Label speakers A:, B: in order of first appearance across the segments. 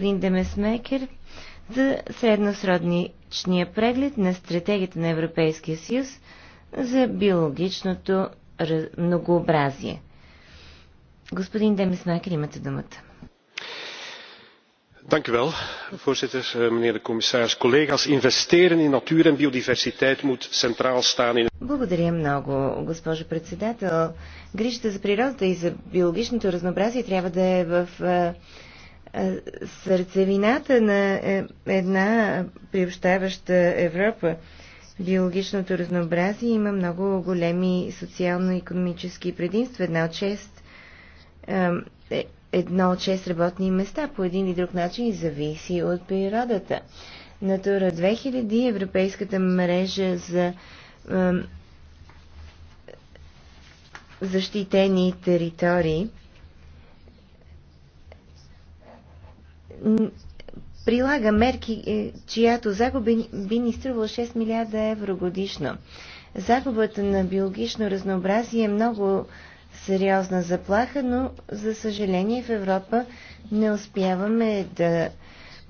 A: Линда Месмекер за средносродничния преглед на стратегията на Европейския съюз за биологичното многообразие. Господин Демесмакер, имате думата.
B: Dank u wel, voorzitter, eh, meneer de commissaris. Collega's, investeren in natuur en biodiversiteit moet centraal staan in...
A: Благодаря много, госпожо председател. Грижата за природата и за биологичното разнообразие трябва да е в uh, сърцевината на е, една приобщаваща Европа. Биологичното разнообразие има много големи социално-економически предимства. Една от шест, е, е, едно от шест работни места по един или друг начин зависи от природата. Натура 2000, Европейската мрежа за защитени територии – прилага мерки, е, чиято загуба би ни струвала 6 милиарда евро годишно. Загубата на биологично разнообразие е много сериозна заплаха, но за съжаление в Европа не успяваме да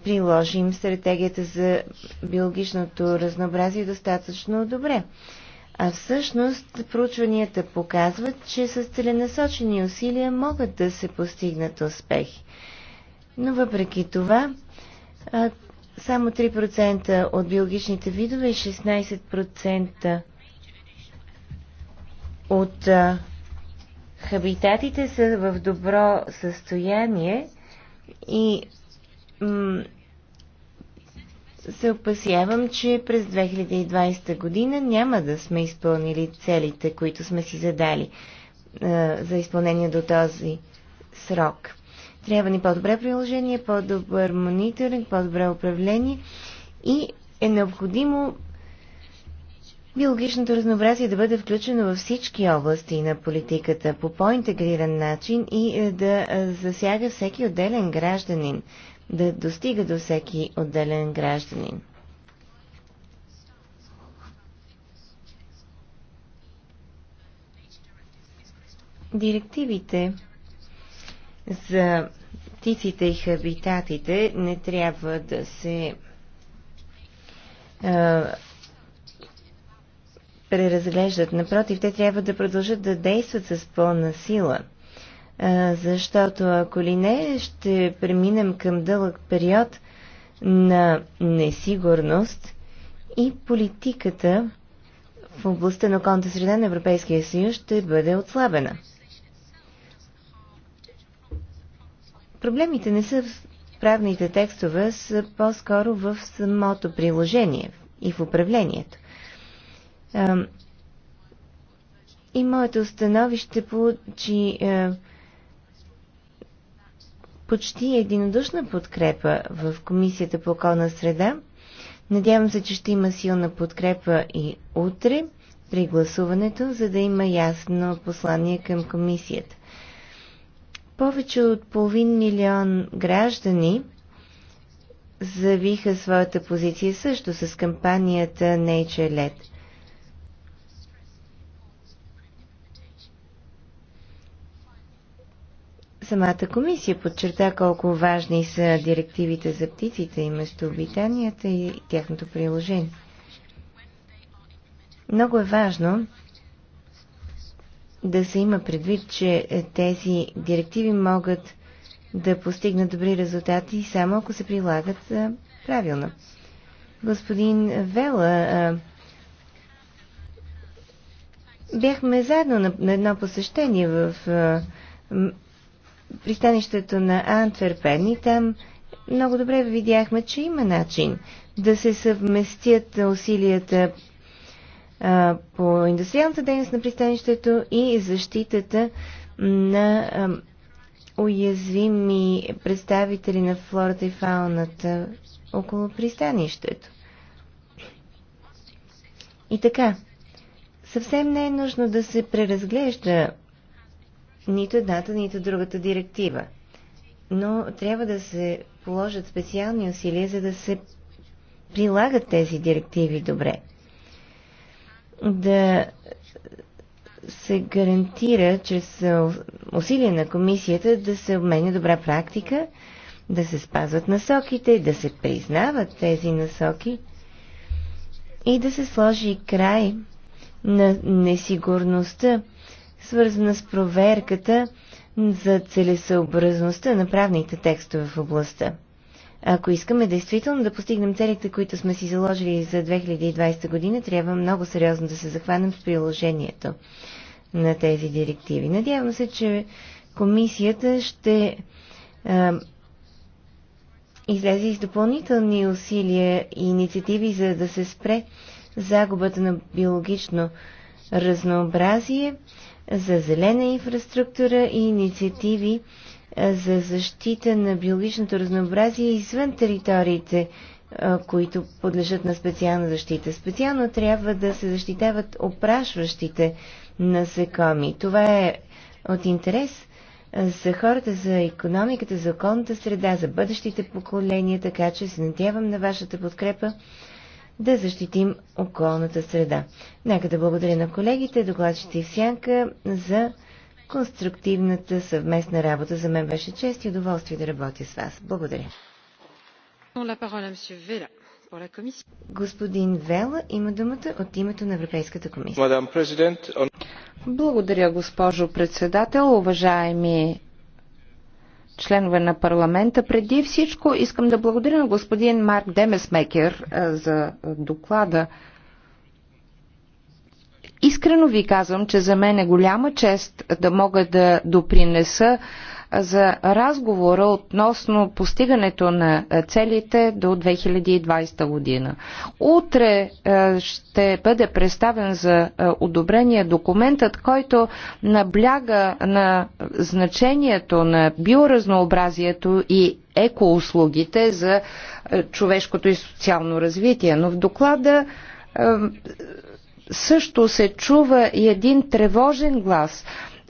A: приложим стратегията за биологичното разнообразие достатъчно добре. А всъщност проучванията показват, че с целенасочени усилия могат да се постигнат успехи. Но въпреки това, само 3% от биологичните видове и 16% от хабитатите са в добро състояние и се опасявам, че през 2020 година няма да сме изпълнили целите, които сме си задали за изпълнение до този срок. Трябва ни по-добре приложение, по-добър мониторинг, по-добре управление и е необходимо биологичното разнообразие да бъде включено във всички области на политиката по по-интегриран начин и е, да е, засяга всеки отделен гражданин, да достига до всеки отделен гражданин. Директивите за птиците и хабитатите не трябва да се а, преразглеждат. Напротив, те трябва да продължат да действат с пълна сила. А, защото ако ли не, ще преминем към дълъг период на несигурност и политиката в областта на околната среда на Европейския съюз ще бъде отслабена. Проблемите не са в правните текстове, са по-скоро в самото приложение и в управлението. И моето становище получи е, почти единодушна подкрепа в Комисията по околна среда. Надявам се, че ще има силна подкрепа и утре при гласуването, за да има ясно послание към комисията. Повече от половин милион граждани завиха своята позиция също с кампанията Nature Led. Самата комисия подчерта колко важни са директивите за птиците и местообитанията и тяхното приложение. Много е важно да се има предвид, че е, тези директиви могат да постигнат добри резултати само ако се прилагат е, правилно. Господин Вела, е, бяхме заедно на едно посещение в пристанището на Антверпен и там много добре видяхме, че има начин да се съвместят усилията по индустриалната дейност на пристанището и защитата на уязвими представители на флората и фауната около пристанището. И така, съвсем не е нужно да се преразглежда нито едната, нито другата директива. Но трябва да се положат специални усилия, за да се прилагат тези директиви добре да се гарантира чрез усилия на комисията да се обменя добра практика, да се спазват насоките, да се признават тези насоки и да се сложи край на несигурността, свързана с проверката за целесъобразността на правните текстове в областта. Ако искаме действително да постигнем целите, които сме си заложили за 2020 година, трябва много сериозно да се захванем с приложението на тези директиви. Надявам се, че комисията ще а, излезе с допълнителни усилия и инициативи, за да се спре загубата на биологично разнообразие за зелена инфраструктура и инициативи е, за защита на биологичното разнообразие извън териториите, е, които подлежат на специална защита. Специално трябва да се защитават опрашващите насекоми. Това е от интерес е, за хората, за економиката, за околната среда, за бъдещите поколения, така че се надявам на вашата подкрепа да защитим околната среда. Нека да благодаря на колегите, докладчите и сянка за конструктивната съвместна работа. За мен беше чест и удоволствие да работя с вас. Благодаря. Господин Вела има думата
C: от името на Европейската комисия. Благодаря, госпожо председател, уважаеми членове на парламента. Преди всичко искам да благодаря на господин Марк Демесмекер за доклада, Искрено ви казвам, че за мен е голяма чест да мога да допринеса за разговора относно постигането на целите до 2020 година. Утре ще бъде представен за одобрение документът, който набляга на значението на биоразнообразието и екоуслугите за човешкото и социално развитие. Но в доклада също се чува и един тревожен глас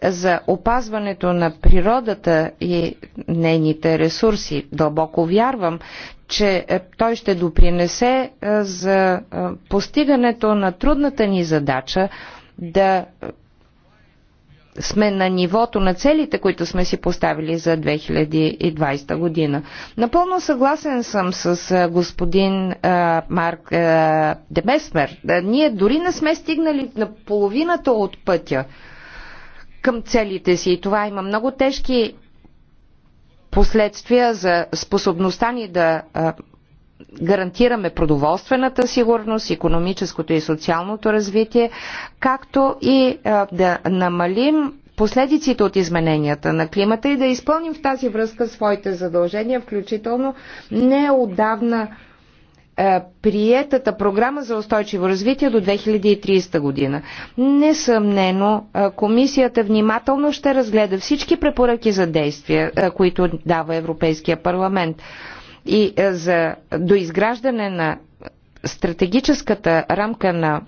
C: за опазването на природата и нейните ресурси. Дълбоко вярвам, че е, той ще допринесе е, за е, постигането на трудната ни задача да сме на нивото на целите, които сме си поставили за 2020 година. Напълно съгласен съм с господин а, Марк а, Демесмер. Ние дори не сме стигнали на половината от пътя към целите си и това има много тежки последствия за способността ни да гарантираме продоволствената сигурност, економическото и социалното развитие, както и да намалим последиците от измененията на климата и да изпълним в тази връзка своите задължения, включително неодавна приетата програма за устойчиво развитие до 2030 година. Несъмнено, комисията внимателно ще разгледа всички препоръки за действия, които дава Европейския парламент и е, за доизграждане на стратегическата рамка на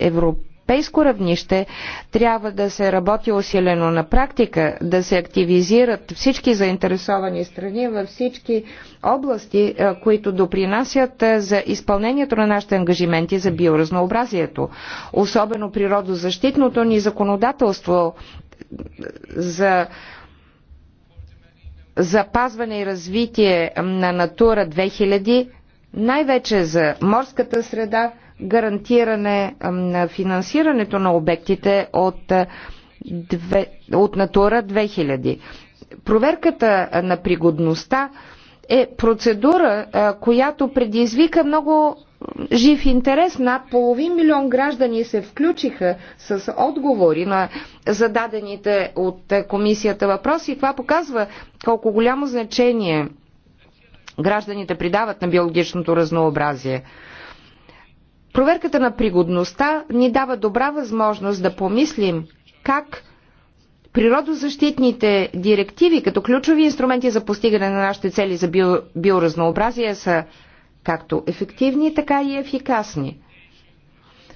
C: европейско равнище трябва да се работи усилено на практика, да се активизират всички заинтересовани страни във всички области, е, които допринасят е, за изпълнението на нашите ангажименти за биоразнообразието. Особено природозащитното ни законодателство за запазване и развитие на Натура 2000, най-вече за морската среда, гарантиране на финансирането на обектите от, от Натура 2000. Проверката на пригодността е процедура, която предизвика много жив интерес. Над половин милион граждани се включиха с отговори на зададените от комисията въпроси това показва колко голямо значение гражданите придават на биологичното разнообразие. Проверката на пригодността ни дава добра възможност да помислим как Природозащитните директиви като ключови инструменти за постигане на нашите цели за био, биоразнообразие са както ефективни, така и ефикасни.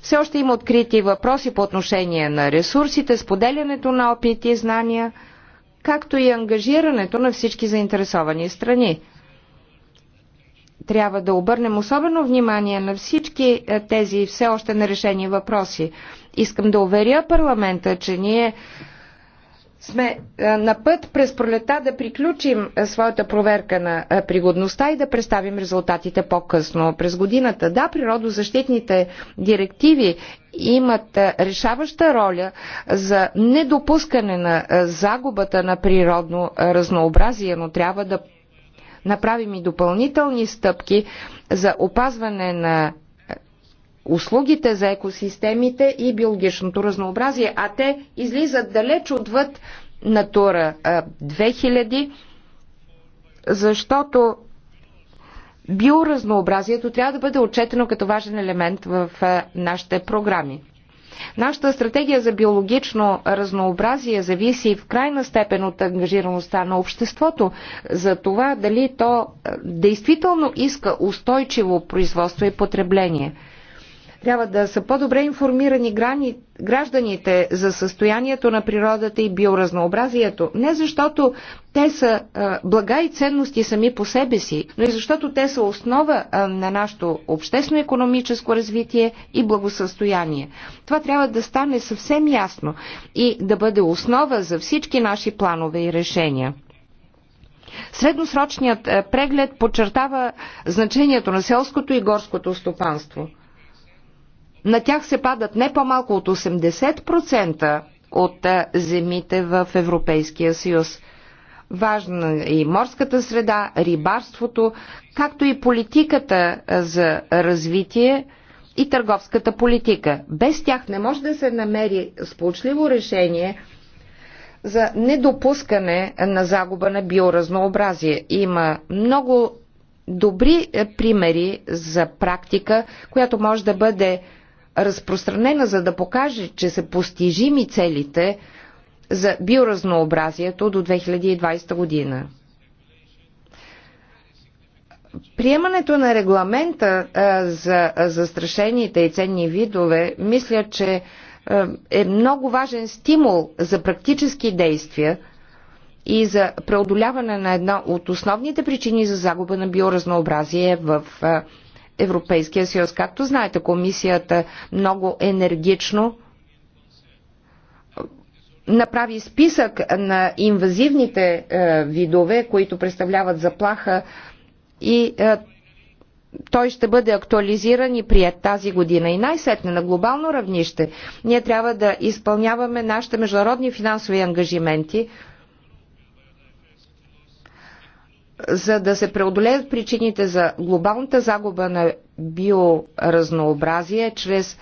C: Все още има открити въпроси по отношение на ресурсите, споделянето на опит и знания, както и ангажирането на всички заинтересовани страни. Трябва да обърнем особено внимание на всички е, тези все още нерешени въпроси. Искам да уверя парламента, че ние сме е, на път през пролета да приключим е, своята проверка на е, пригодността и да представим резултатите по-късно през годината. Да, природозащитните директиви имат решаваща роля за недопускане на загубата на природно разнообразие, но трябва да направим и допълнителни стъпки за опазване на услугите за екосистемите и биологичното разнообразие, а те излизат далеч отвъд Натура 2000, защото биоразнообразието трябва да бъде отчетено като важен елемент в нашите програми. Нашата стратегия за биологично разнообразие зависи в крайна степен от ангажираността на обществото за това дали то действително иска устойчиво производство и потребление – трябва да са по-добре информирани грани, гражданите за състоянието на природата и биоразнообразието. Не защото те са а, блага и ценности сами по себе си, но и защото те са основа а, на нашето обществено-економическо развитие и благосъстояние. Това трябва да стане съвсем ясно и да бъде основа за всички наши планове и решения. Средносрочният преглед подчертава значението на селското и горското стопанство – на тях се падат не по-малко от 80% от земите в Европейския съюз. Важна е и морската среда, рибарството, както и политиката за развитие и търговската политика. Без тях не може да се намери сполучливо решение за недопускане на загуба на биоразнообразие. Има много добри примери за практика, която може да бъде разпространена, за да покаже, че са постижими целите за биоразнообразието до 2020 година. Приемането на регламента за застрашените и ценни видове, мисля, че е много важен стимул за практически действия и за преодоляване на една от основните причини за загуба на биоразнообразие в Европейския съюз. Както знаете, комисията много енергично направи списък на инвазивните е, видове, които представляват заплаха и е, той ще бъде актуализиран и прият тази година. И най-сетне на глобално равнище ние трябва да изпълняваме нашите международни финансови ангажименти – за да се преодолеят причините за глобалната загуба на биоразнообразие чрез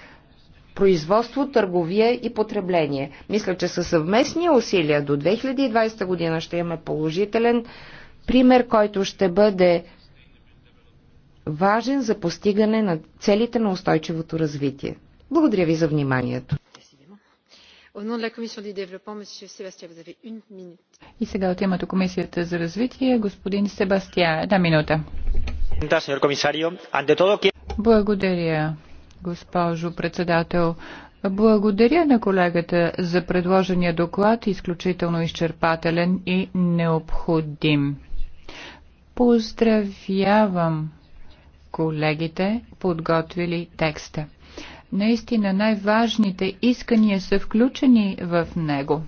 C: производство, търговия и потребление. Мисля, че със съвместни усилия до 2020 година ще имаме положителен пример, който ще бъде важен за постигане на целите на устойчивото развитие. Благодаря
B: ви за вниманието. И сега от името Комисията за развитие, господин Себастия. Една минута. Благодаря, госпожо председател. Благодаря на колегата за предложения доклад, изключително изчерпателен и необходим. Поздравявам колегите, подготвили текста. Наистина най-важните искания са включени в него.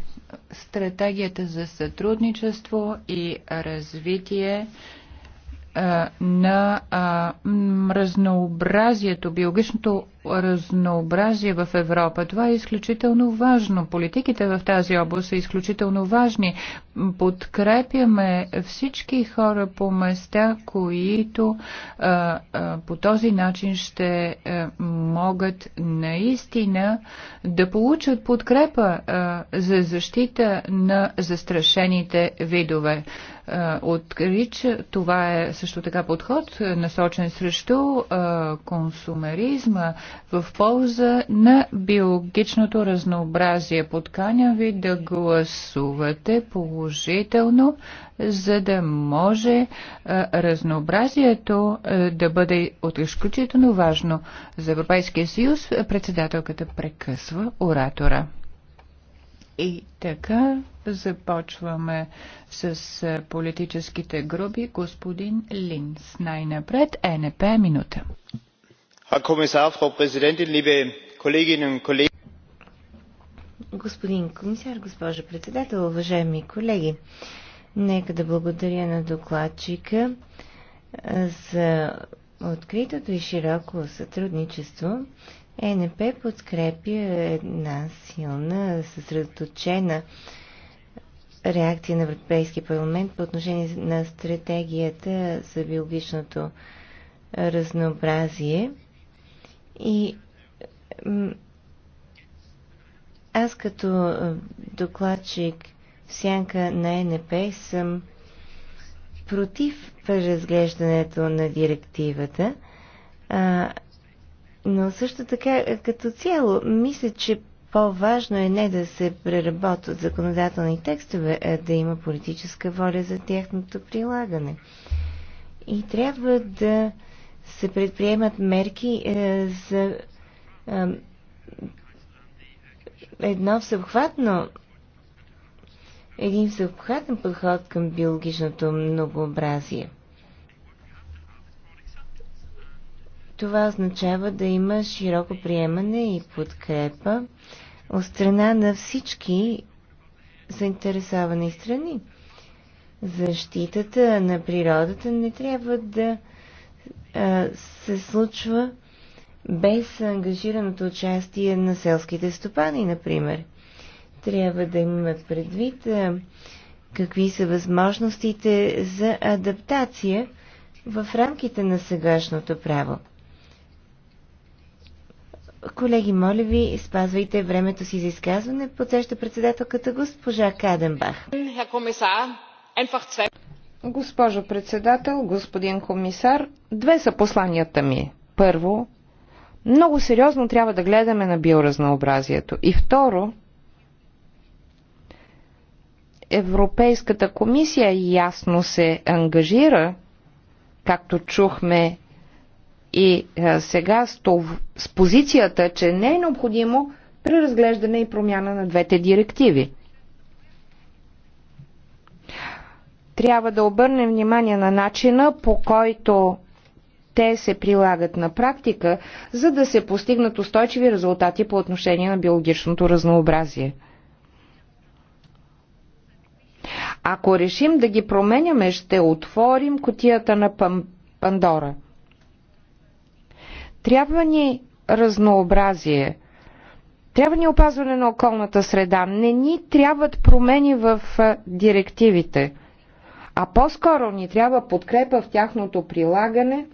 B: Стратегията за сътрудничество и развитие е, на е, разнообразието, биологичното разнообразие в Европа. Това е изключително важно. Политиките в тази област са изключително важни. Подкрепяме всички хора по места, които а, е, а, по този начин ще а, могат наистина да получат подкрепа а, за защита на застрашените видове. Открич Това е също така подход, е, насочен срещу консумеризма в полза на биологичното разнообразие. Подканя ви да гласувате положително, за да може разнообразието да бъде от изключително важно за Европейския съюз. Председателката прекъсва оратора. И така започваме с е, политическите групи. Господин Линс, най-напред ЕНП минута. Господин комисар, госпожа председател, уважаеми
A: колеги, нека да благодаря на докладчика е, за откритото и широко сътрудничество ЕНП подкрепя една силна, съсредоточена реакция на Европейския парламент по отношение на стратегията за биологичното разнообразие. И аз като докладчик в сянка на ЕНП съм против преразглеждането на директивата, но също така, е, като цяло, мисля, че по-важно е не да се преработват законодателни текстове, а да има политическа воля за тяхното прилагане. И трябва да се предприемат мерки е, за е, едно всеобхватно един всеобхватен подход към биологичното многообразие. Това означава да има широко приемане и подкрепа от страна на всички заинтересовани страни. Защитата на природата не трябва да а, се случва без ангажираното участие на селските стопани, например. Трябва да имаме предвид а, какви са възможностите за адаптация в рамките на сегашното право. Колеги, моля ви, спазвайте времето си за изказване. Подсеща председателката госпожа Каденбах.
C: Госпожо председател, господин комисар, две са посланията ми. Първо, много сериозно трябва да гледаме на биоразнообразието. И второ, Европейската комисия ясно се ангажира, както чухме и е, сега с, тов, с позицията, че не е необходимо преразглеждане и промяна на двете директиви. Трябва да обърнем внимание на начина по който те се прилагат на практика, за да се постигнат устойчиви резултати по отношение на биологичното разнообразие. Ако решим да ги променяме, ще отворим котията на Пандора – трябва ни разнообразие. Трябва ни опазване на околната среда. Не ни трябват промени в директивите, а по-скоро ни трябва подкрепа в тяхното прилагане,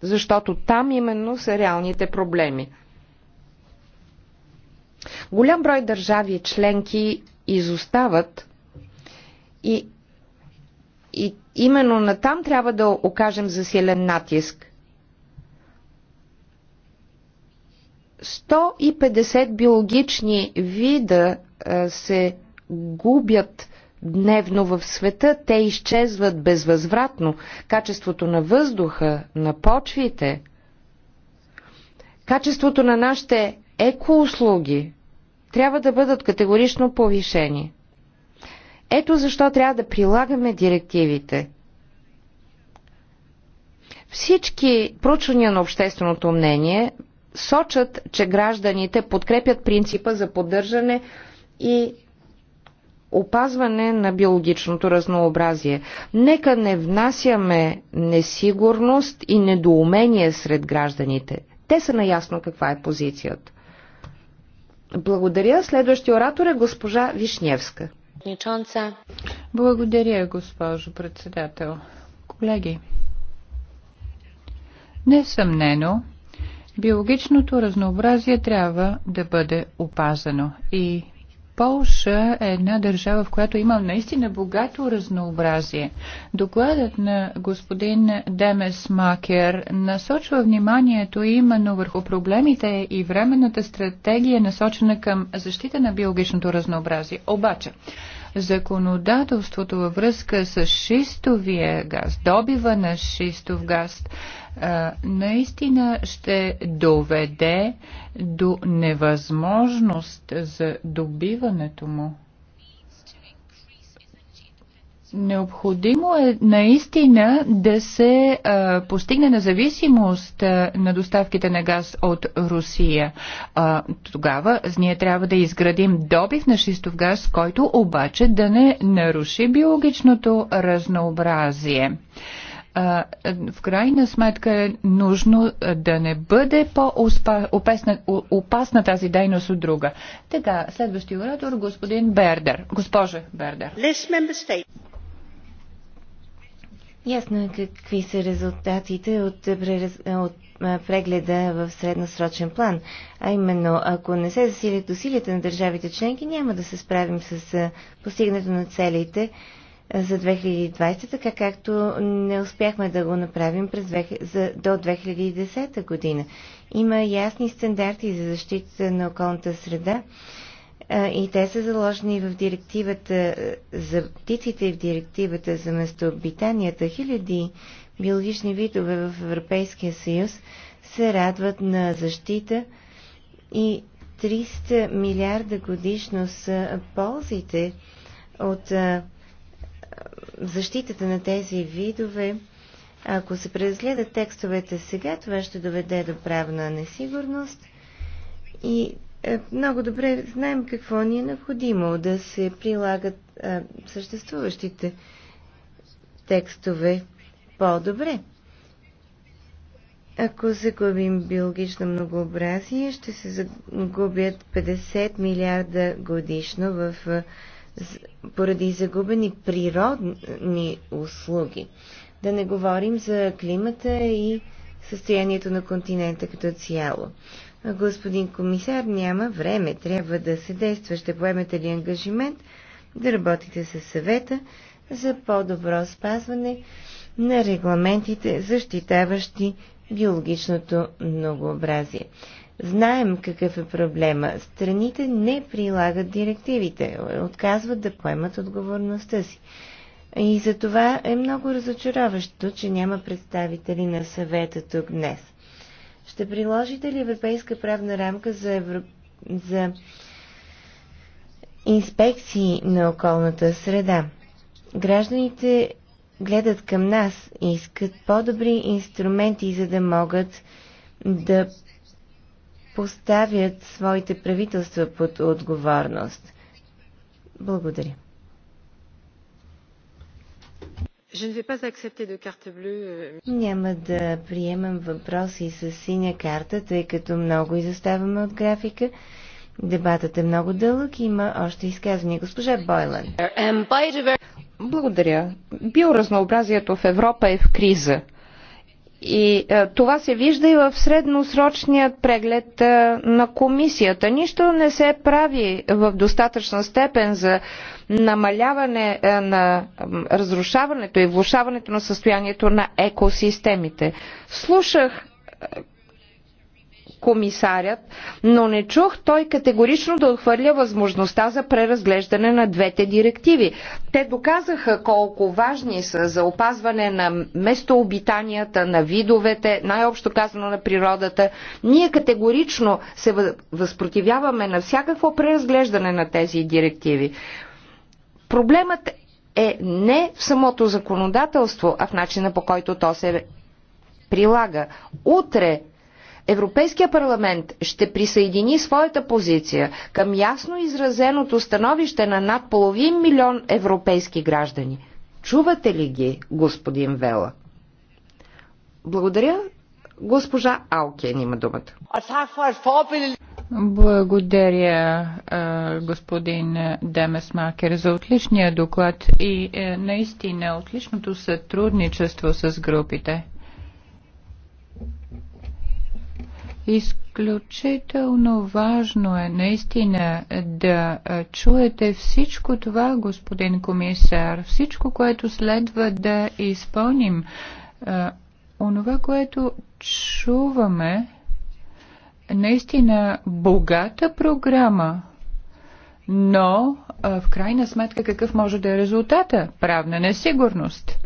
C: защото там именно са реалните проблеми. Голям брой държави членки изостават и, и именно на там трябва да окажем засилен натиск. 150 биологични вида се губят дневно в света, те изчезват безвъзвратно. Качеството на въздуха, на почвите, качеството на нашите екоуслуги трябва да бъдат категорично повишени. Ето защо трябва да прилагаме директивите. Всички проучвания на общественото мнение сочат, че гражданите подкрепят принципа за поддържане и опазване на биологичното разнообразие. Нека не внасяме несигурност и недоумение сред гражданите. Те са наясно каква е позицията. Благодаря. Следващия оратор е госпожа Вишневска.
B: Благодаря, госпожо председател. Колеги, несъмнено, Биологичното разнообразие трябва да бъде опазано и Полша е една държава, в която има наистина богато разнообразие. Докладът на господин Демес Макер насочва вниманието именно върху проблемите и временната стратегия насочена към защита на биологичното разнообразие. Обаче, законодателството във връзка с шистовия газ, добива на шистов газ, наистина ще доведе до невъзможност за добиването му. Необходимо е наистина да се а, постигне независимост а, на доставките на газ от Русия. А, тогава ние трябва да изградим добив на шистов газ, който обаче да не наруши биологичното разнообразие в крайна сметка е нужно да не бъде по-опасна тази дейност от друга. Така, следващия оратор, господин Бердер. Госпожа Бердер. Ясно е какви са резултатите
A: от, от прегледа в средносрочен план. А именно, ако не се засилят усилията на държавите членки, няма да се справим с постигането на целите за 2020, така както не успяхме да го направим през, за, до 2010 година. Има ясни стандарти за защита на околната среда и те са заложени в директивата за птиците и в директивата за местообитанията. Хиляди биологични видове в Европейския съюз се радват на защита и 300 милиарда годишно са ползите от защитата на тези видове, ако се преразгледат текстовете сега, това ще доведе до правна несигурност и е, много добре знаем какво ни е необходимо да се прилагат е, съществуващите текстове по-добре. Ако загубим биологично многообразие, ще се загубят 50 милиарда годишно в а, е, поради загубени природни услуги. Да не говорим за климата и състоянието на континента като цяло. Господин комисар, няма време, трябва да се действа. Ще поемете ли ангажимент да работите със съвета за по-добро спазване на регламентите, защитаващи биологичното многообразие? Знаем какъв е проблема. Страните не прилагат директивите, отказват да поемат отговорността си. И за това е много разочароващо, че няма представители на съвета тук днес. Ще приложите ли европейска правна рамка за, евро... за инспекции на околната среда? Гражданите гледат към нас и искат по-добри инструменти, за да могат да поставят своите правителства под отговорност. Благодаря.
B: Euh, Няма да
A: приемам въпроси с синя карта, тъй като много изоставаме от графика.
C: Дебатът е много дълъг и има още изказвания. Госпожа Бойлан. Благодаря. Биоразнообразието в Европа е в криза. И е, това се вижда и в средносрочният преглед е, на комисията. Нищо не се прави в достатъчна степен за намаляване е, на разрушаването и влушаването на състоянието на екосистемите. Слушах комисарят, но не чух той категорично да отхвърля възможността за преразглеждане на двете директиви. Те доказаха колко важни са за опазване на местообитанията, на видовете, най-общо казано на природата. Ние категорично се възпротивяваме на всякакво преразглеждане на тези директиви. Проблемът е не в самото законодателство, а в начина по който то се прилага. Утре Европейския парламент ще присъедини своята позиция към ясно изразеното становище на над половин милион европейски граждани. Чувате ли ги, господин Вела? Благодаря. Госпожа Алкен има думата.
B: Благодаря, господин Демесмакер, за отличния доклад и е, наистина отличното сътрудничество с групите. Изключително важно е наистина да чуете всичко това, господин комисар, всичко, което следва да изпълним. Онова, което чуваме, наистина богата програма, но в крайна сметка какъв може да е резултата? Правна несигурност.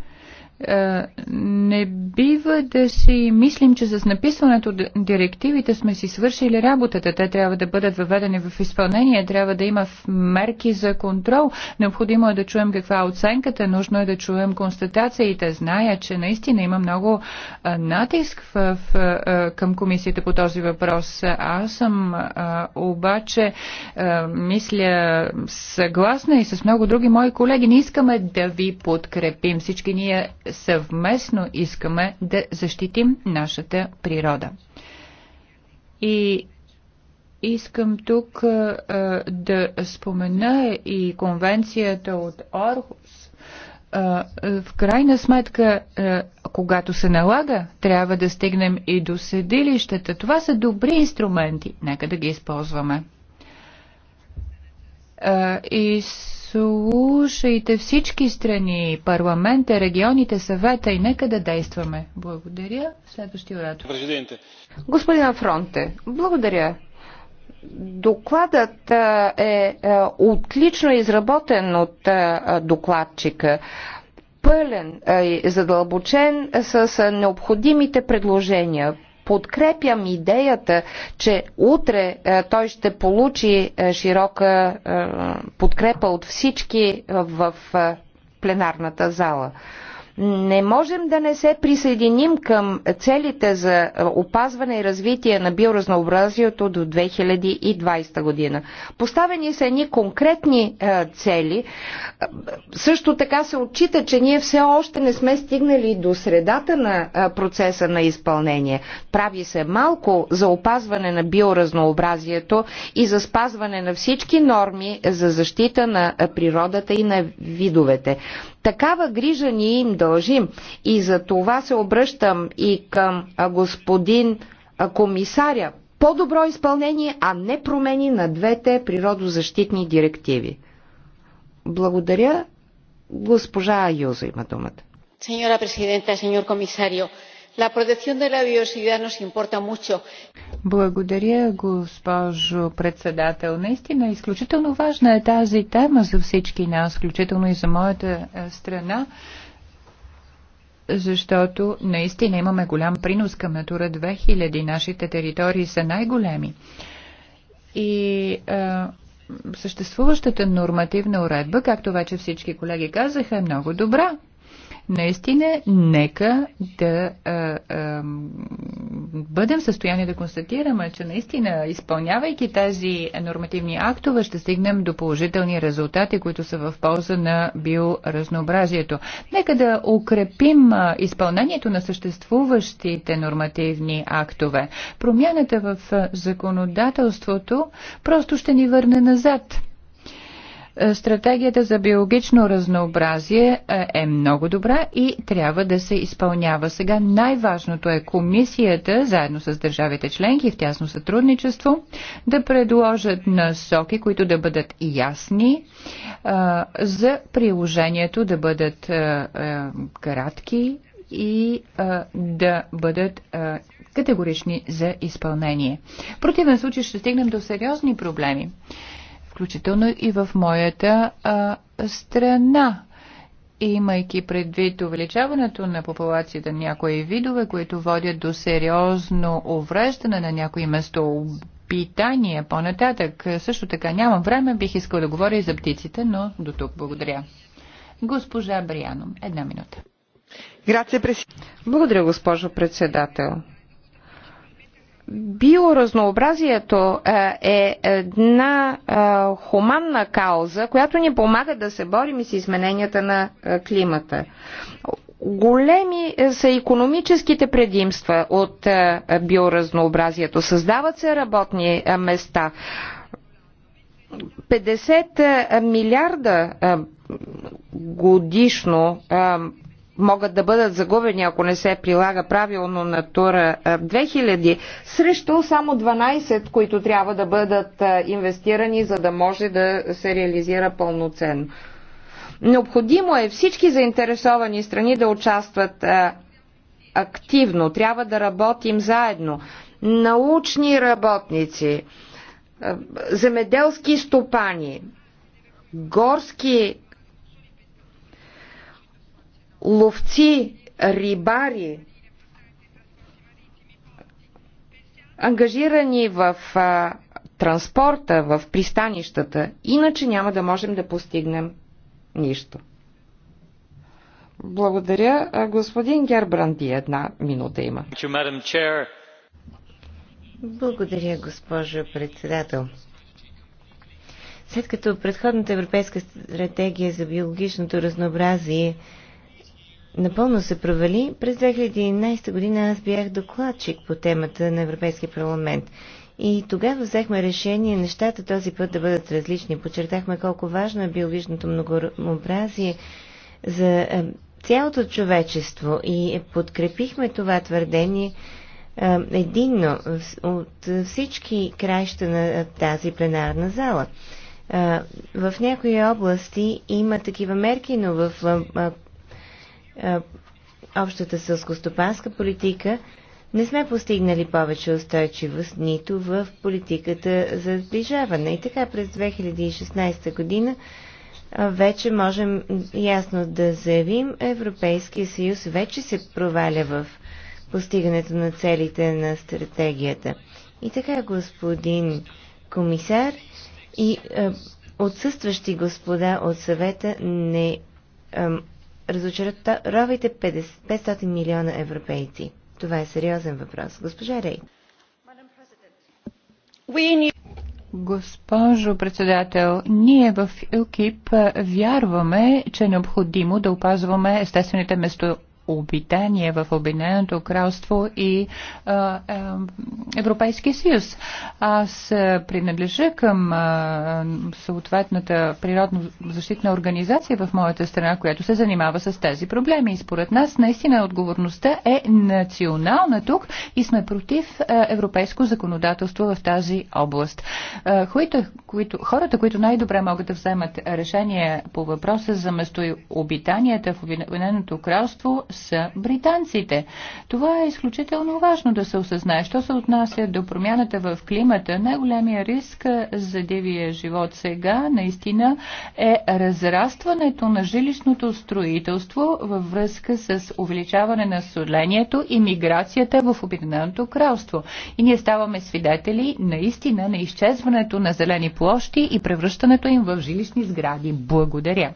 B: Е, не бива да си мислим, че с написването директивите сме си свършили работата. Те трябва да бъдат въведени в изпълнение, трябва да има мерки за контрол. Необходимо е да чуем каква е оценката, нужно е да чуем констатациите. Зная, че наистина има много натиск в, в, към комисията по този въпрос. Аз съм обаче, мисля, съгласна и с много други мои колеги. Не искаме да ви подкрепим. Всички ние съвместно искаме да защитим нашата природа. И искам тук а, да спомена и конвенцията от Орхус. в крайна сметка, когато се налага, трябва да стигнем и до съдилищата. Това са добри инструменти. Нека да ги използваме. и с слушайте всички страни, парламента, регионите, съвета и нека да действаме. Благодаря. Следващия оратор. Господин Афронте, благодаря.
C: Докладът е отлично изработен от докладчика. Пълен, задълбочен с необходимите предложения подкрепям идеята, че утре е, той ще получи е, широка е, подкрепа от всички в пленарната зала. Не можем да не се присъединим към целите за е, опазване и развитие на биоразнообразието до 2020 година. Поставени са едни конкретни е, цели. Е, също така се отчита, че ние все още не сме стигнали до средата на процеса на изпълнение. Прави се малко за опазване на биоразнообразието и за спазване на всички норми за защита на природата и на видовете. Такава грижа ни им дължим и за това се обръщам и към господин комисаря. По-добро изпълнение, а не промени на двете природозащитни директиви. Благодаря. Госпожа Юза има думата.
A: Сеньора президента, сеньор комисарио,
B: благодаря, госпожо председател. Наистина, изключително важна е тази тема за всички нас, включително и за моята е, страна, защото наистина имаме голям принос към Натура 2000. Нашите територии са най-големи. И а, е, съществуващата нормативна уредба, както вече всички колеги казаха, е много добра. Наистина, нека да а, а, бъдем в състояние да констатираме, че наистина, изпълнявайки тези нормативни актове, ще стигнем до положителни резултати, които са в полза на биоразнообразието. Нека да укрепим изпълнението на съществуващите нормативни актове. Промяната в законодателството просто ще ни върне назад. Е, стратегията за биологично разнообразие е, е много добра и трябва да се изпълнява. Сега най-важното е комисията, заедно с държавите членки в тясно сътрудничество, да предложат насоки, които да бъдат ясни, е, за приложението да бъдат кратки и да бъдат категорични за изпълнение. В противен случай ще стигнем до сериозни проблеми включително и в моята а, страна. Имайки предвид увеличаването на популацията на някои видове, които водят до сериозно увреждане на някои место питание по-нататък. Също така нямам време, бих искал да говоря и за птиците, но до тук благодаря. Госпожа Брианом, една минута.
C: Благодаря, госпожо председател
B: биоразнообразието е, е
C: една е, хуманна кауза, която ни помага да се борим и с измененията на е, климата. Големи са економическите предимства от биоразнообразието. Създават се работни места. 50 милиарда годишно могат да бъдат загубени, ако не се прилага правилно Натура 2000, срещу само 12, които трябва да бъдат инвестирани, за да може да се реализира пълноценно. Необходимо е всички заинтересовани страни да участват активно. Трябва да работим заедно. Научни работници, земеделски стопани, горски ловци, рибари, ангажирани в а, транспорта, в пристанищата, иначе няма да можем да постигнем нищо. Благодаря. Господин Гербранди, една минута има. Благодаря, госпожо председател.
A: След като предходната европейска стратегия за биологичното разнообразие напълно се провали. През 2011 година аз бях докладчик по темата на Европейския парламент. И тогава взехме решение нещата този път да бъдат различни. Почертахме колко важно е биологичното многообразие за е, цялото човечество и подкрепихме това твърдение е, единно от всички краища на тази пленарна зала. Е, в някои области има такива мерки, но в е, общата сълскостопанска политика, не сме постигнали повече устойчивост нито в политиката за сближаване. И така през 2016 година е, вече можем ясно да заявим, Европейския съюз вече се проваля в постигането на целите на стратегията. И така, господин комисар и е, отсъстващи господа от съвета, не е, разочаровайте 500 милиона европейци? Това е
B: сериозен въпрос. Госпожа Рей. Госпожо председател, ние в ЮКИП вярваме, че е необходимо да опазваме естествените место обитание в Обединеното кралство и а, а, Европейски съюз. Аз принадлежа към а, съответната природно-защитна организация в моята страна, която се занимава с тези проблеми. И според нас наистина отговорността е национална тук и сме против а, европейско законодателство в тази област. А, които, които, хората, които най-добре могат да вземат решение по въпроса за местообитанията в Обединеното кралство, са британците. Това е изключително важно да се осъзнае. Що се отнася до промяната в климата, най-големия риск за дивия живот сега наистина е разрастването на жилищното строителство във връзка с увеличаване на солението и миграцията в Обединеното кралство. И ние ставаме свидетели наистина на изчезването на зелени площи и превръщането им в жилищни сгради. Благодаря.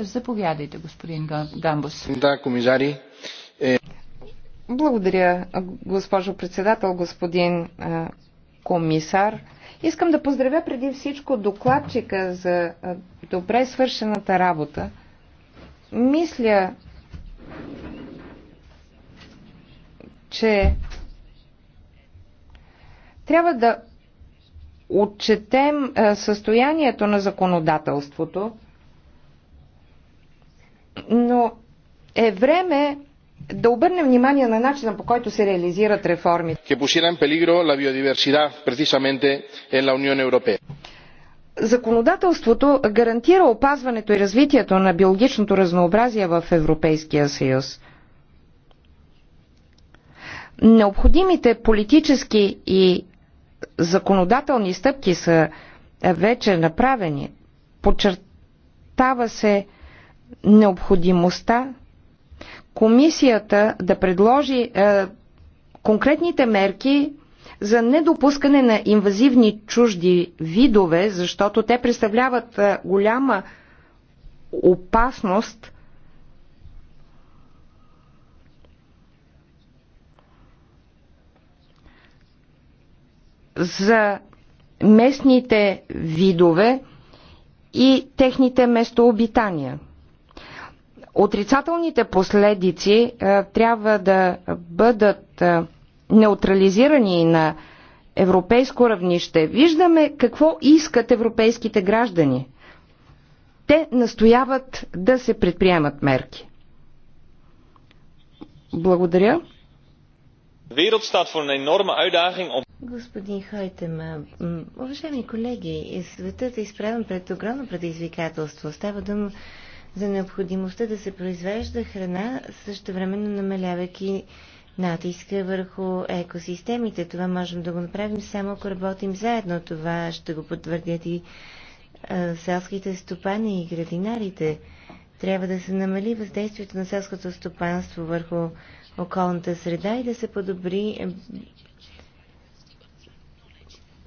B: Заповядайте, господин Гамбус. Да, комисари. Е... Благодаря,
C: госпожо председател, господин комисар. Искам да поздравя преди всичко докладчика за добре свършената работа. Мисля, че трябва да отчетем състоянието на законодателството, но е време да обърнем внимание на начина по който се реализират реформите. Законодателството гарантира опазването и развитието на биологичното разнообразие в Европейския съюз. Необходимите политически и законодателни стъпки са вече направени. Подчертава се необходимостта комисията да предложи е, конкретните мерки за недопускане на инвазивни чужди видове, защото те представляват е, голяма опасност за местните видове и техните местообитания. Отрицателните последици е, трябва да бъдат е, неутрализирани на европейско равнище. Виждаме какво искат европейските граждани. Те настояват да се предприемат мерки. Благодаря. Господин Хайтема, уважаеми
A: колеги, светът е изправен пред огромно предизвикателство. Става дума за необходимостта да се произвежда храна, също времено намалявайки натиска върху екосистемите. Това можем да го направим само ако работим заедно. Това ще го потвърдят и а, селските стопани и градинарите. Трябва да се намали въздействието на селското стопанство върху околната среда и да се подобри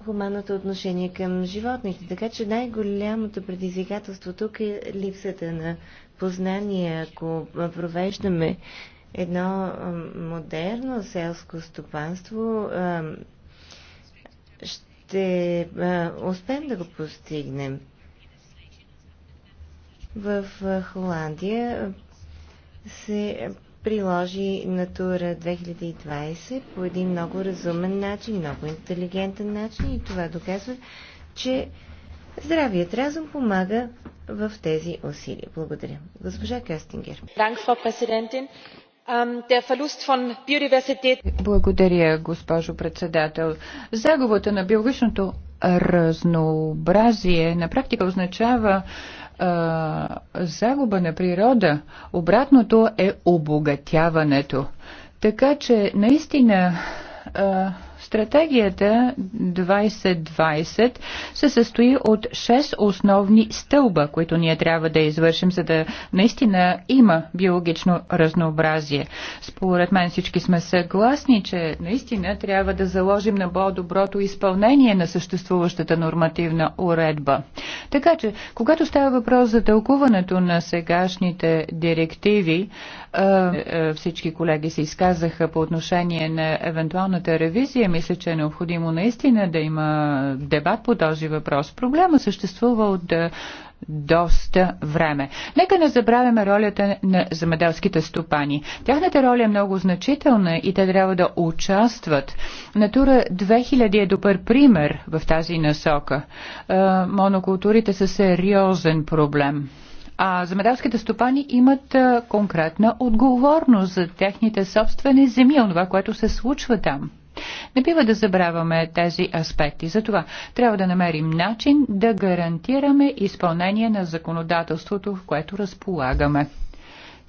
A: хуманното отношение към животните. Така че най-голямото предизвикателство тук е липсата на познание. Ако провеждаме едно модерно селско стопанство, ще успеем да го постигнем. В Холандия се приложи Натура 2020 по един много разумен начин, много интелигентен начин и това доказва, че здравият разум помага в тези усилия. Благодаря. Госпожа
B: Кастингер.
A: Ähm,
B: Благодаря, госпожо председател. Загубата на биологичното разнообразие на практика означава а, загуба на природа. Обратното е обогатяването. Така че наистина а, Стратегията 2020 се състои от 6 основни стълба, които ние трябва да извършим, за да наистина има биологично разнообразие. Според мен всички сме съгласни, че наистина трябва да заложим на по-доброто изпълнение на съществуващата нормативна уредба. Така че, когато става въпрос за тълкуването на сегашните директиви, е, е, всички колеги се изказаха по отношение на евентуалната ревизия. Мисля, че е необходимо наистина да има дебат по този въпрос. Проблема съществува от е, доста време. Нека не забравяме ролята на земеделските стопани. Тяхната роля е много значителна и те трябва да участват. Натура 2000 е добър пример в тази насока. Монокултурите са сериозен проблем а земеделските стопани имат конкретна отговорност за техните собствени земи, онова, което се случва там. Не бива да забравяме тези аспекти. Затова трябва да намерим начин да гарантираме изпълнение на законодателството, в което разполагаме.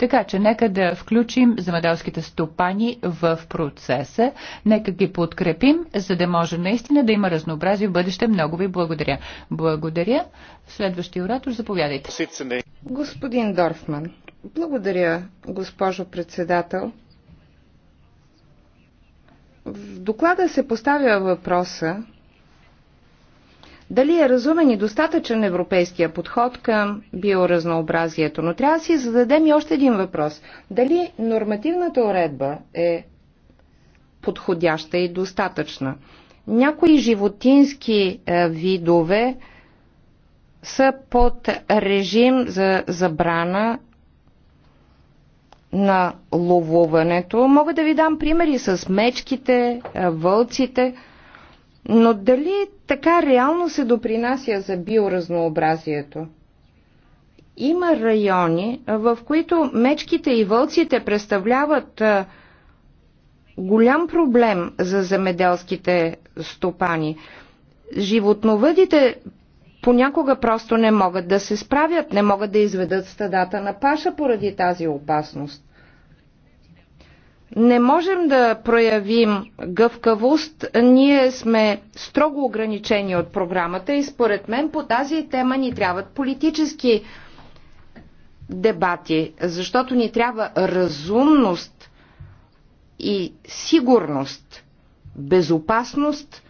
B: Така че нека да включим земеделските стопани в процеса, нека ги подкрепим, за да може наистина да има разнообразие в бъдеще. Много ви благодаря. Благодаря. Следващия оратор, заповядайте. Господин Дорфман, благодаря, госпожо председател.
C: В доклада се поставя въпроса дали е разумен и достатъчен европейския подход към биоразнообразието? Но трябва да си зададем и още един въпрос. Дали нормативната уредба е подходяща и достатъчна? Някои животински е, видове са под режим за забрана на ловуването. Мога да ви дам примери с мечките, е, вълците – но дали така реално се допринася за биоразнообразието? Има райони, в които мечките и вълците представляват голям проблем за земеделските стопани. Животновъдите понякога просто не могат да се справят, не могат да изведат стадата на паша поради тази опасност не можем да проявим гъвкавост. Ние сме строго ограничени от програмата и според мен по тази тема ни трябват политически дебати, защото ни трябва разумност и сигурност, безопасност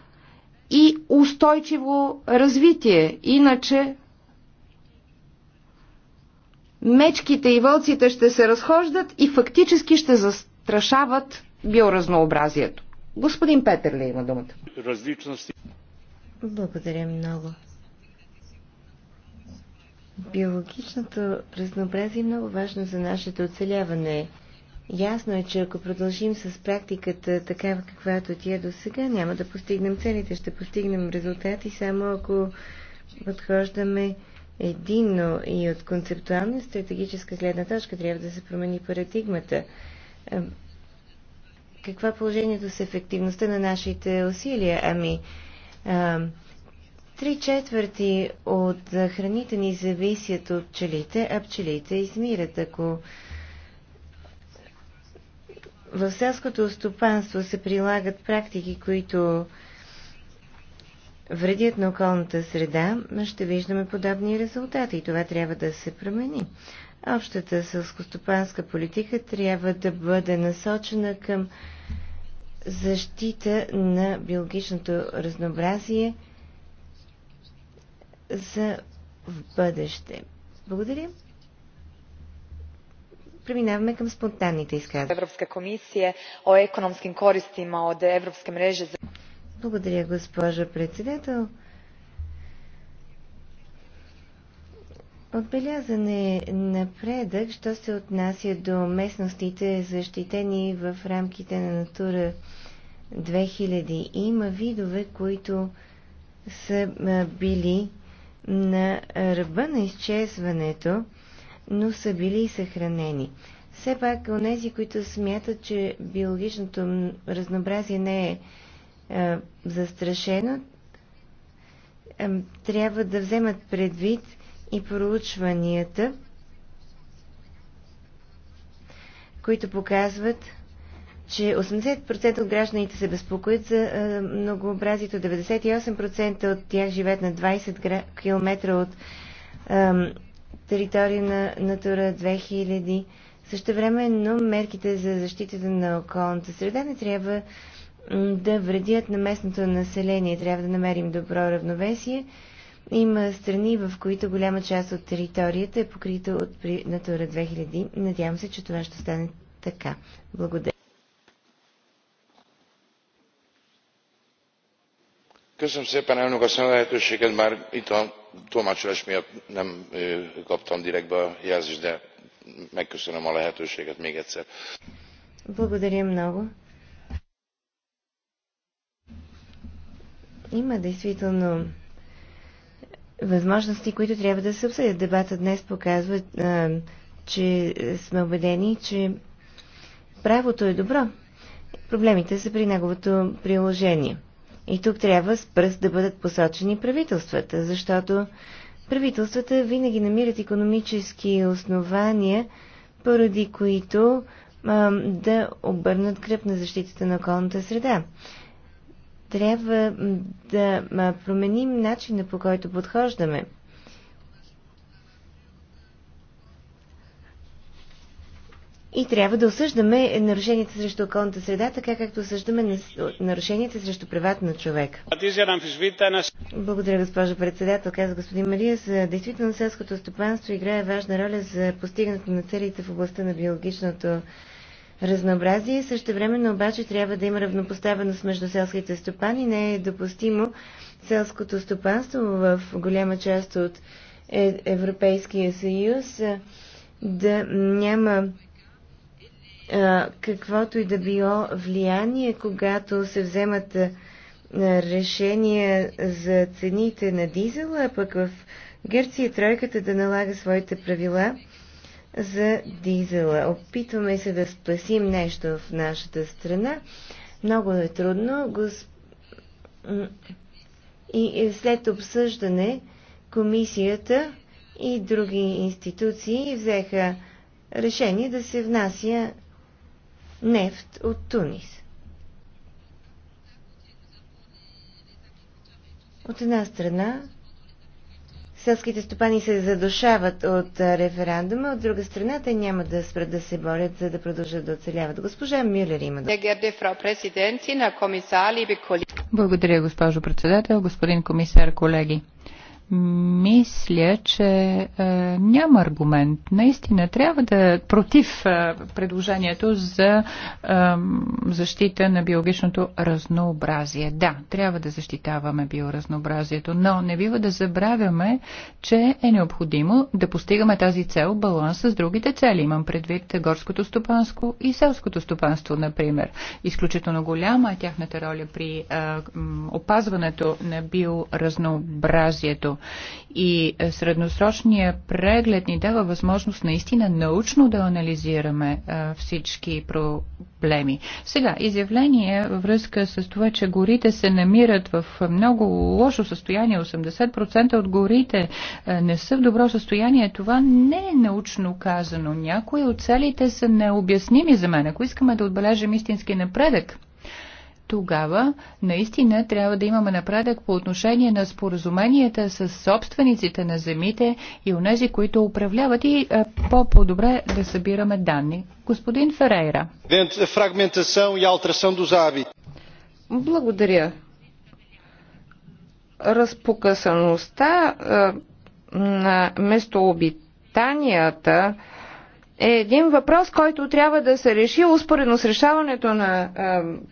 C: и устойчиво развитие. Иначе мечките и вълците ще се разхождат и фактически ще застъпят застрашават биоразнообразието. Господин Петър, ли има думата.
A: Различности.
C: Благодаря много.
A: Биологичното разнообразие е много важно за нашето оцеляване. Ясно е, че ако продължим с практиката такава каквато тя е до сега, няма да постигнем целите. Ще постигнем резултати само ако подхождаме единно и от концептуална стратегическа гледна точка трябва да се промени парадигмата. Каква е положението с ефективността на нашите усилия? Ами, три четвърти от храните ни зависят от пчелите, а пчелите измират. Ако в селското стопанство се прилагат практики, които вредят на околната среда, ще виждаме подобни резултати и това трябва да се промени. Общата сълскостопанска политика трябва да бъде насочена към защита на биологичното разнообразие за в бъдеще. Благодаря. Преминаваме към спонтанните изказвания.
C: Европска комисия о економским користима от Европска мрежа за...
A: Благодаря, госпожа председател. Отбелязан е напредък, що се отнася до местностите, защитени в рамките на Натура 2000. Има видове, които са били на ръба на изчезването, но са били и съхранени. Все пак, онези, които смятат, че биологичното разнообразие не е, е застрашено, е, трябва да вземат предвид – и проучванията, които показват, че 80% от гражданите се безпокоят за многообразието. 98% от тях живеят на 20 км от територия на Натура 2000. Също време, но мерките за защитата на околната среда не трябва да вредят на местното население. Трябва да намерим добро равновесие има страни, в които голяма част от територията е покрита от Натура 2000. Надявам се, че това ще стане така. Благодаря. Köszönöm szépen, elnök asszony, a lehetőséget már itt a tolmácsolás miatt nem kaptam direktbe a jelzést, de megköszönöm a lehetőséget még egyszer. Благодаря много. Има действително възможности, които трябва да се обсъдят. Дебата днес показва, че сме убедени, че правото е добро. Проблемите са при неговото приложение. И тук трябва с пръст да бъдат посочени правителствата, защото правителствата винаги намират економически основания, поради които а, да обърнат кръп на защитата на околната среда трябва да променим начина по който подхождаме. И трябва да осъждаме нарушенията срещу околната среда, така както осъждаме нарушенията срещу правата на човека. Благодаря, госпожа председател, каза господин Мария. За действително селското стопанство играе важна роля за постигането на целите в областта на биологичното разнообразие. Също времено обаче трябва да има равнопоставеност между селските стопани. Не е допустимо селското стопанство в голяма част от е, Европейския съюз да няма каквото и да било влияние, когато се вземат решения за цените на дизела, а пък в Гърция тройката да налага своите правила – за дизела. Опитваме се да спасим нещо в нашата страна. Много е трудно. Госп... И след обсъждане комисията и други институции взеха решение да се внася нефт от Тунис. От една страна селските стопани се задушават от референдума, от друга страна те няма да спрат да се борят, за да продължат да оцеляват. Госпожа Мюллер има
C: да...
B: Благодаря, госпожо председател, господин комисар, колеги. Мисля, че е, няма аргумент. Наистина трябва да против е, предложението за е, защита на биологичното разнообразие. Да, трябва да защитаваме биоразнообразието, но не бива да забравяме, че е необходимо да постигаме тази цел баланс с другите цели. Имам предвид горското стопанско и селското стопанство, например. Изключително голяма е тяхната роля при е, опазването на биоразнообразието и е, средносрочния преглед ни дава възможност наистина научно да анализираме е, всички проблеми. Сега, изявление във връзка с това, че горите се намират в много лошо състояние, 80% от горите е, не са в добро състояние, това не е научно казано. Някои от целите са необясними за мен. Ако искаме да отбележим истински напредък, тогава наистина трябва да имаме напредък по отношение на споразуменията с собствениците на земите и онези, които управляват и е, по-добре да събираме данни. Господин Ферейра. Благодаря. Разпокъсаността
C: е, на местообитанията е един въпрос, който трябва да се реши успоредно с решаването на е,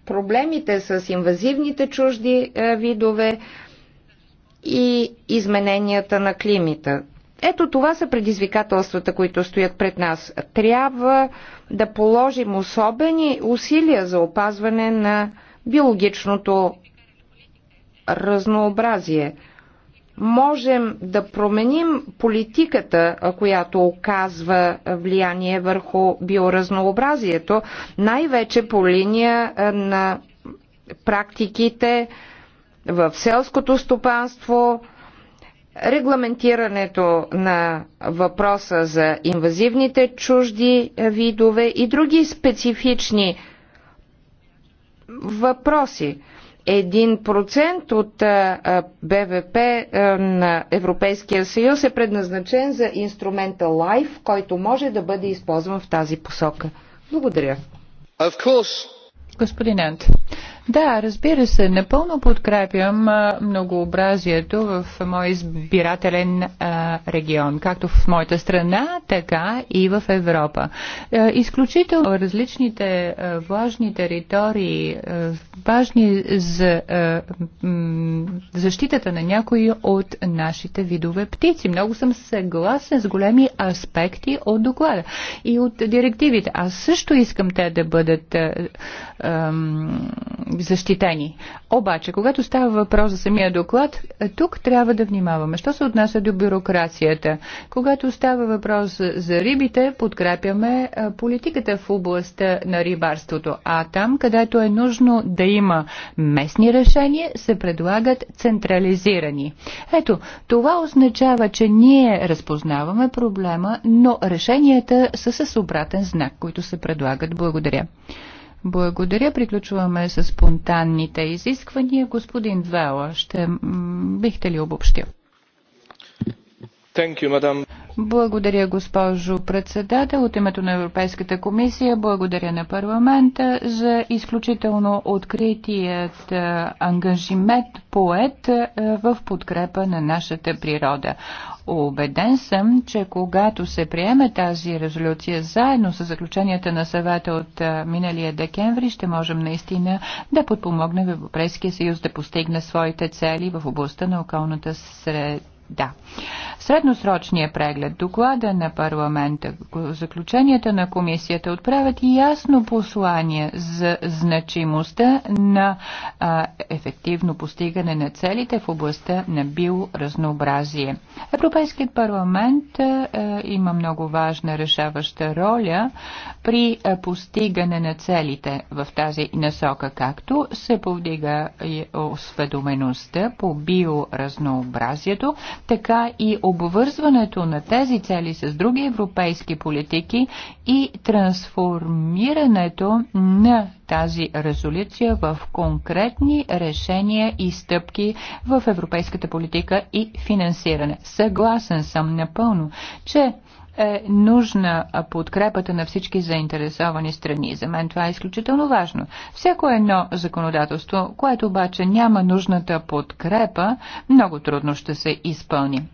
C: проблемите с инвазивните чужди е, видове и измененията на климата. Ето това са предизвикателствата, които стоят пред нас. Трябва да положим особени усилия за опазване на биологичното разнообразие можем да променим политиката, която оказва влияние върху биоразнообразието, най-вече по линия на практиките в селското стопанство, регламентирането на въпроса за инвазивните чужди видове и други специфични въпроси. 1% от БВП на Европейския съюз е предназначен за инструмента LIFE, който може да бъде
B: използван в тази посока. Благодаря. Господин Ент, да, разбира се, напълно подкрепям многообразието в мой избирателен регион, както в моята страна, така и в Европа. Изключително различните влажни територии, важни за защитата на някои от нашите видове птици. Много съм съгласен с големи аспекти от доклада и от директивите. Аз също искам те да бъдат защитени. Обаче, когато става въпрос за самия доклад, тук трябва да внимаваме. Що се отнася до бюрокрацията? Когато става въпрос за рибите, подкрепяме политиката в областта на рибарството. А там, където е нужно да има местни решения, се предлагат централизирани. Ето, това означава, че ние разпознаваме проблема, но решенията са с обратен знак, които се предлагат. Благодаря. Благодаря. Приключваме с спонтанните изисквания. Господин Вела, ще бихте ли обобщил?
A: You,
B: благодаря, госпожо председател. От името на Европейската комисия благодаря на парламента за изключително откритият ангажимент поет в подкрепа на нашата природа. Обеден съм, че когато се приеме тази резолюция заедно с заключенията на съвета от миналия декември, ще можем наистина да подпомогнем Европейския съюз да постигне своите цели в областта на околната среда да. Средносрочния преглед, доклада на парламента, заключенията на комисията отправят ясно послание за значимостта на а, ефективно постигане на целите в областта на биоразнообразие. Европейският парламент а, има много важна решаваща роля при а, постигане на целите в тази насока, както се повдига осведомеността по биоразнообразието, така и обвързването на тези цели с други европейски политики и трансформирането на тази резолюция в конкретни решения и стъпки в европейската политика и финансиране. Съгласен съм напълно, че е нужна подкрепата на всички заинтересовани страни. За мен това е изключително важно. Всяко едно законодателство, което обаче няма нужната подкрепа, много трудно ще се изпълни.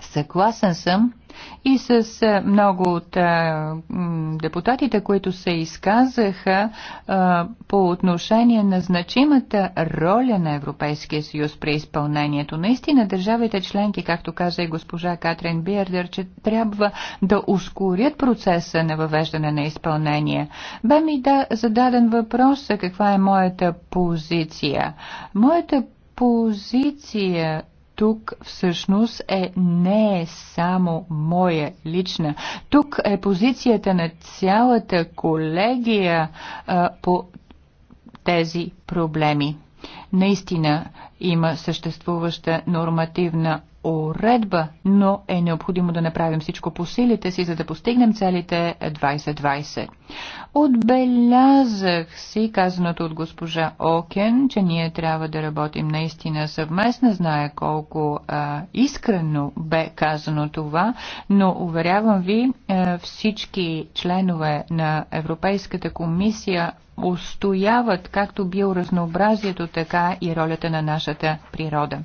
B: Съгласен съм, и с много от депутатите, които се изказаха по отношение на значимата роля на Европейския съюз при изпълнението. Наистина държавите членки, както каза и госпожа Катрин Биердер, че трябва да ускорят процеса на въвеждане на изпълнение. Бе ми да зададен въпрос каква е моята позиция. Моята позиция тук всъщност е не е само моя лична. Тук е позицията на цялата колегия а, по тези проблеми. Наистина има съществуваща нормативна уредба, но е необходимо да направим всичко по силите си, за да постигнем целите 2020. Отбелязах си казаното от госпожа Окен, че ние трябва да работим наистина съвместно. Зная колко а, искрено бе казано това, но уверявам ви, а, всички членове на Европейската комисия устояват както биоразнообразието, така така и ролята на нашата природа.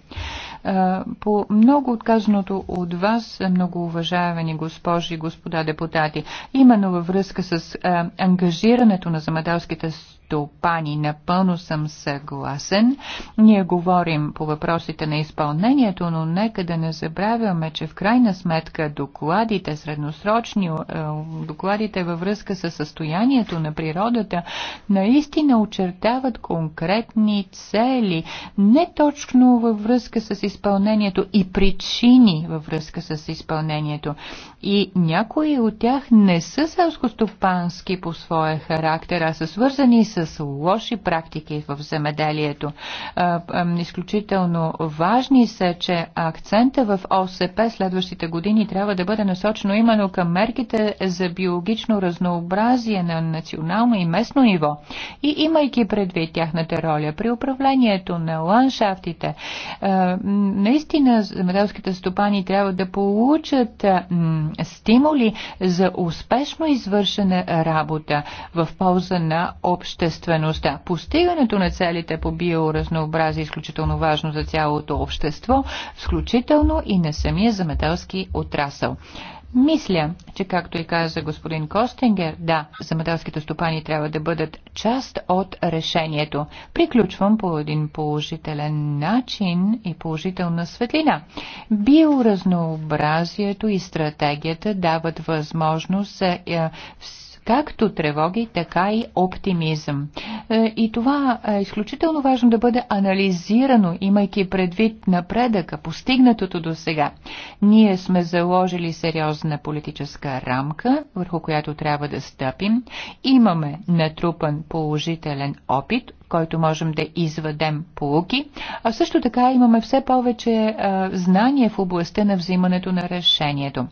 B: По много отказаното от вас, много уважавани госпожи и господа депутати, именно във връзка с ангажирането на замеделските стопани. Напълно съм съгласен. Ние говорим по въпросите на изпълнението, но нека да не забравяме, че в крайна сметка докладите, средносрочни е, докладите във връзка с състоянието на природата, наистина очертават конкретни цели, не точно във връзка с изпълнението и причини във връзка с изпълнението и някои от тях не са селскостопански по своя характер, а са свързани с лоши практики в земеделието. Изключително важни са, че акцента в ОСП следващите години трябва да бъде насочено именно към мерките за биологично разнообразие на национално и местно ниво. И имайки предвид тяхната роля при управлението на ландшафтите, наистина земеделските стопани трябва да получат стимули за успешно извършена работа в полза на обществеността. Постигането на целите по биоразнообразие е изключително важно за цялото общество, включително и на самия земеделски отрасъл. Мисля, че както и каза господин Костингер, да, земеделските стопани трябва да бъдат част от решението. Приключвам по един положителен начин и положителна светлина. Биоразнообразието и стратегията дават възможност за е, както тревоги, така и оптимизъм. Е, и това е изключително важно да бъде анализирано, имайки предвид напредъка, постигнатото до сега. Ние сме заложили сериозна политическа рамка, върху която трябва да стъпим. Имаме натрупан положителен опит, който можем да изведем полуки, а също така имаме все повече е, знания в областта на взимането на решението.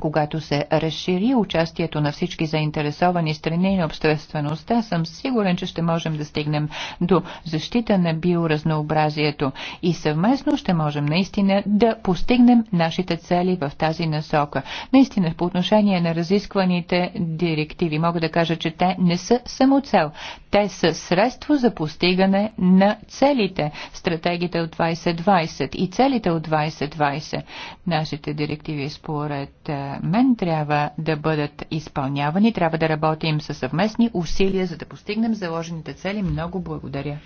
B: Когато се разшири участието на всички заинтересовани страни и на обществеността, съм сигурен, че ще можем да стигнем до защита на биоразнообразието и съвместно ще можем наистина да постигнем нашите цели в тази насока. Наистина, по отношение на разискваните директиви, мога да кажа, че те не са само цел. Те са средство за постигане на целите, стратегите от 2020 и целите от 2020. Нашите директиви според е, мен трябва да бъдат изпълнявани. Трябва да работим със съвместни усилия, за да постигнем заложените цели. Много благодаря.